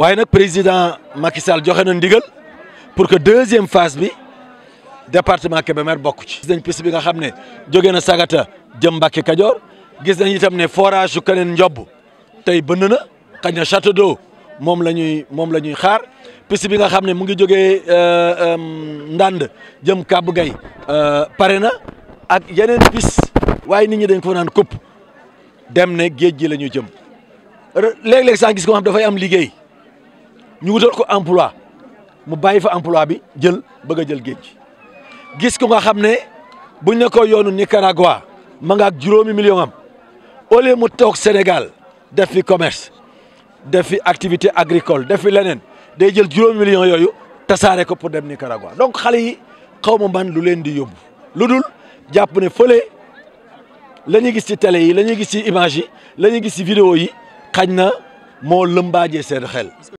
waaye nag président Macky Sall joxe na ndigal pour que deuxième phase bi département Kébémer bokk ci. gis nañ bi nga xam ne joge na Sagata jëm mbaki Kajoor gis nañ itam ne forage su keneen njobb tey bënn na xañ na château d'eau moom la ñuy moom la ñuy xaar piste bi nga xam ne mu ngi jógee euh, euh, Ndande jëm Kàbb Gay euh, pare na ak yeneen piste waaye nit ñi dañ ko naan kupp dem ne géej gi la ñu jëm léeg-léeg sax gis ko dafay am liggéey. ñu wutal ko emploi mu bàyyi fa emploi bi jël bëgg jël géej gis ko nga xam ne buñ ne ko yoonu Nicaragua ma nga juróomi million am au mu toog Sénégal def fi commerce def fi activité agricole def fi leneen day jël juróomi million yooyu tasaare ko pour dem Nicaragua donc xale yi xaw ma man lu leen di yóbbu lu dul jàpp ne fële la ñuy gis ci tele yi la gis ci image yi la ñuy gis ci vidéo yi xañ na moo lëmbaajee seen xel